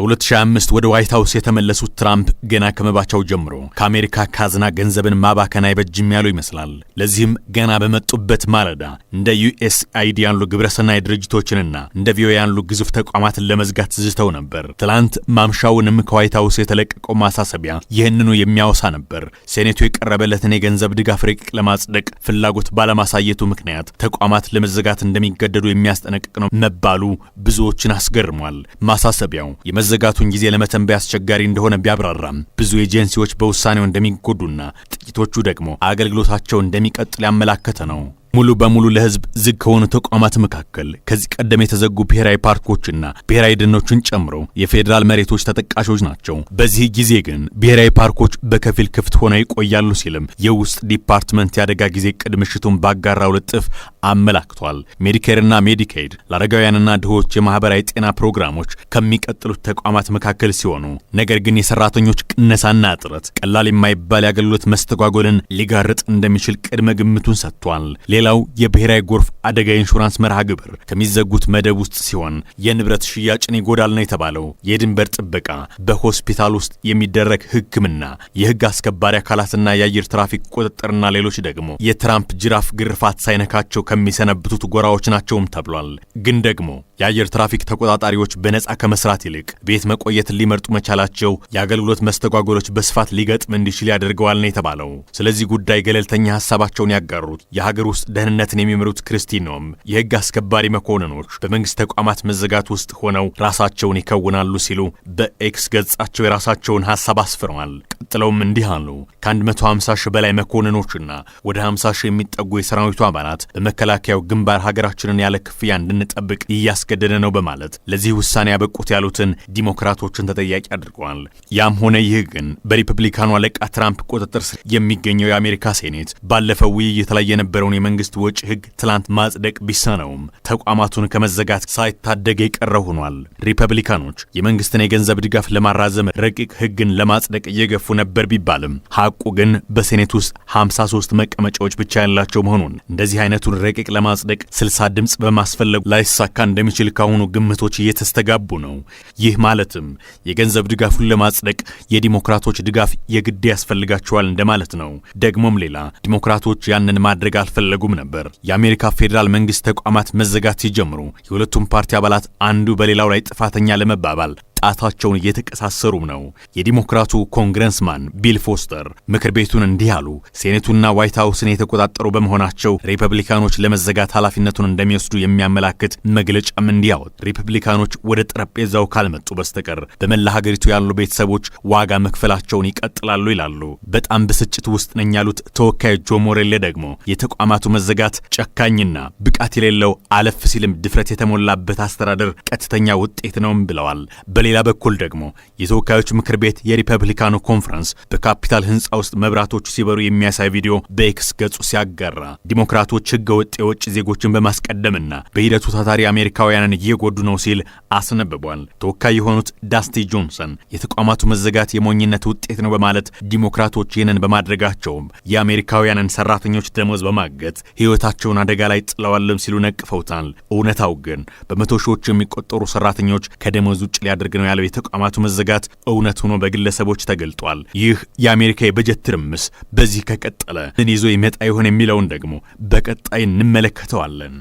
በ2005 ወደ ዋይት ሀውስ የተመለሱት ትራምፕ ገና ከመባቻው ጀምሮ ከአሜሪካ ካዝና ገንዘብን ማባከን አይበጅም ያሉ ይመስላል። ለዚህም ገና በመጡበት ማለዳ እንደ ዩኤስ ያሉ ግብረሰናይ ድርጅቶችንና እንደ ቪዮ ያሉ ግዙፍ ተቋማትን ለመዝጋት ዝተው ነበር። ትላንት ማምሻውንም ከዋይት ሀውስ የተለቀቀው ማሳሰቢያ ይህንኑ የሚያወሳ ነበር። ሴኔቱ የቀረበለትን የገንዘብ ድጋፍ ረቂቅ ለማጽደቅ ፍላጎት ባለማሳየቱ ምክንያት ተቋማት ለመዘጋት እንደሚገደዱ የሚያስጠነቅቅ ነው መባሉ ብዙዎችን አስገርሟል። ማሳሰቢያው የመዘጋቱን ጊዜ ለመተንበይ አስቸጋሪ እንደሆነ ቢያብራራም ብዙ ኤጀንሲዎች በውሳኔው እንደሚጎዱና ጥቂቶቹ ደግሞ አገልግሎታቸው እንደሚቀጥል ያመላከተ ነው። ሙሉ በሙሉ ለሕዝብ ዝግ ከሆኑ ተቋማት መካከል ከዚህ ቀደም የተዘጉ ብሔራዊ ፓርኮችና ብሔራዊ ደኖችን ጨምሮ የፌዴራል መሬቶች ተጠቃሾች ናቸው። በዚህ ጊዜ ግን ብሔራዊ ፓርኮች በከፊል ክፍት ሆነው ይቆያሉ ሲልም የውስጥ ዲፓርትመንት የአደጋ ጊዜ ቅድ ምሽቱን ባጋራው ልጥፍ አመላክቷል። ሜዲኬርና ሜዲኬድ ለአረጋውያንና ድሆች የማህበራዊ ጤና ፕሮግራሞች ከሚቀጥሉት ተቋማት መካከል ሲሆኑ ነገር ግን የሰራተኞች ቅነሳና እጥረት ቀላል የማይባል የአገልግሎት መስተጓጎልን ሊጋርጥ እንደሚችል ቅድመ ግምቱን ሰጥቷል። ሌላው የብሔራዊ ጎርፍ አደጋ ኢንሹራንስ መርሃ ግብር ከሚዘጉት መደብ ውስጥ ሲሆን የንብረት ሽያጭን ይጎዳል ነው የተባለው። የድንበር ጥበቃ፣ በሆስፒታል ውስጥ የሚደረግ ሕክምና፣ የህግ አስከባሪ አካላትና የአየር ትራፊክ ቁጥጥርና ሌሎች ደግሞ የትራምፕ ጅራፍ ግርፋት ሳይነካቸው ከሚሰነብቱት ጎራዎች ናቸውም ተብሏል። ግን ደግሞ የአየር ትራፊክ ተቆጣጣሪዎች በነፃ ከመስራት ይልቅ ቤት መቆየት ሊመርጡ መቻላቸው የአገልግሎት መስተጓጎሎች በስፋት ሊገጥም እንዲችል ያደርገዋል ነው የተባለው። ስለዚህ ጉዳይ ገለልተኛ ሀሳባቸውን ያጋሩት የሀገር ውስጥ ደህንነትን የሚመሩት ክርስቲኖም የህግ አስከባሪ መኮንኖች በመንግስት ተቋማት መዘጋት ውስጥ ሆነው ራሳቸውን ይከውናሉ ሲሉ በኤክስ ገጻቸው የራሳቸውን ሀሳብ አስፍረዋል። ቀጥለውም እንዲህ አሉ። ከ150 ሺህ በላይ መኮንኖችና ወደ 50 ሺህ የሚጠጉ የሰራዊቱ አባላት በመከላከያው ግንባር ሀገራችንን ያለ ክፍያ እንድንጠብቅ እያስ ያስገደደ ነው በማለት ለዚህ ውሳኔ ያበቁት ያሉትን ዲሞክራቶችን ተጠያቂ አድርገዋል። ያም ሆነ ይህ ግን በሪፐብሊካኑ አለቃ ትራምፕ ቁጥጥር ስር የሚገኘው የአሜሪካ ሴኔት ባለፈው ውይይት ላይ የነበረውን የመንግስት ወጪ ህግ ትላንት ማጽደቅ ቢሳነውም ተቋማቱን ከመዘጋት ሳይታደግ የቀረው ሆኗል። ሪፐብሊካኖች የመንግስትን የገንዘብ ድጋፍ ለማራዘም ረቂቅ ህግን ለማጽደቅ እየገፉ ነበር ቢባልም ሐቁ ግን በሴኔት ውስጥ 53 መቀመጫዎች ብቻ ያላቸው መሆኑን እንደዚህ አይነቱን ረቂቅ ለማጽደቅ 60 ድምፅ በማስፈለጉ ላይሳካ እንደሚችል እንደሚችል ካሁኑ ግምቶች እየተስተጋቡ ነው። ይህ ማለትም የገንዘብ ድጋፉን ለማጽደቅ የዲሞክራቶች ድጋፍ የግድ ያስፈልጋቸዋል እንደማለት ነው። ደግሞም ሌላ ዲሞክራቶች ያንን ማድረግ አልፈለጉም ነበር። የአሜሪካ ፌዴራል መንግስት ተቋማት መዘጋት ሲጀምሩ የሁለቱም ፓርቲ አባላት አንዱ በሌላው ላይ ጥፋተኛ ለመባባል ጣታቸውን እየተቀሳሰሩም ነው። የዲሞክራቱ ኮንግረስማን ቢል ፎስተር ምክር ቤቱን እንዲህ አሉ። ሴኔቱና ዋይት ሀውስን የተቆጣጠሩ በመሆናቸው ሪፐብሊካኖች ለመዘጋት ኃላፊነቱን እንደሚወስዱ የሚያመላክት መግለጫም እንዲያወጥ ሪፐብሊካኖች ወደ ጠረጴዛው ካልመጡ በስተቀር በመላ ሀገሪቱ ያሉ ቤተሰቦች ዋጋ መክፈላቸውን ይቀጥላሉ ይላሉ። በጣም ብስጭት ውስጥ ነኝ ያሉት ተወካይ ጆ ሞሬሌ ደግሞ የተቋማቱ መዘጋት ጨካኝና ብቃት የሌለው አለፍ ሲልም ድፍረት የተሞላበት አስተዳደር ቀጥተኛ ውጤት ነውም ብለዋል። በሌላ በኩል ደግሞ የተወካዮች ምክር ቤት የሪፐብሊካኑ ኮንፈረንስ በካፒታል ህንፃ ውስጥ መብራቶቹ ሲበሩ የሚያሳይ ቪዲዮ በኤክስ ገጹ ሲያጋራ ዲሞክራቶች ህገ ወጥ የውጭ ዜጎችን በማስቀደምና በሂደቱ ታታሪ አሜሪካውያንን እየጎዱ ነው ሲል አስነብቧል። ተወካይ የሆኑት ዳስቲ ጆንሰን የተቋማቱ መዘጋት የሞኝነት ውጤት ነው በማለት ዲሞክራቶች ይህንን በማድረጋቸውም የአሜሪካውያንን ሰራተኞች ደሞዝ በማገት ህይወታቸውን አደጋ ላይ ጥለዋልም ሲሉ ነቅፈውታል። እውነታው ግን በመቶ ሺዎች የሚቆጠሩ ሰራተኞች ከደሞዝ ውጭ ሊያደርግ ነው ያለው የተቋማቱ መዘጋት እውነት ሆኖ በግለሰቦች ተገልጧል። ይህ የአሜሪካ የበጀት ትርምስ በዚህ ከቀጠለ ምን ይዞ ይመጣ ይሆን የሚለውን ደግሞ በቀጣይ እንመለከተዋለን።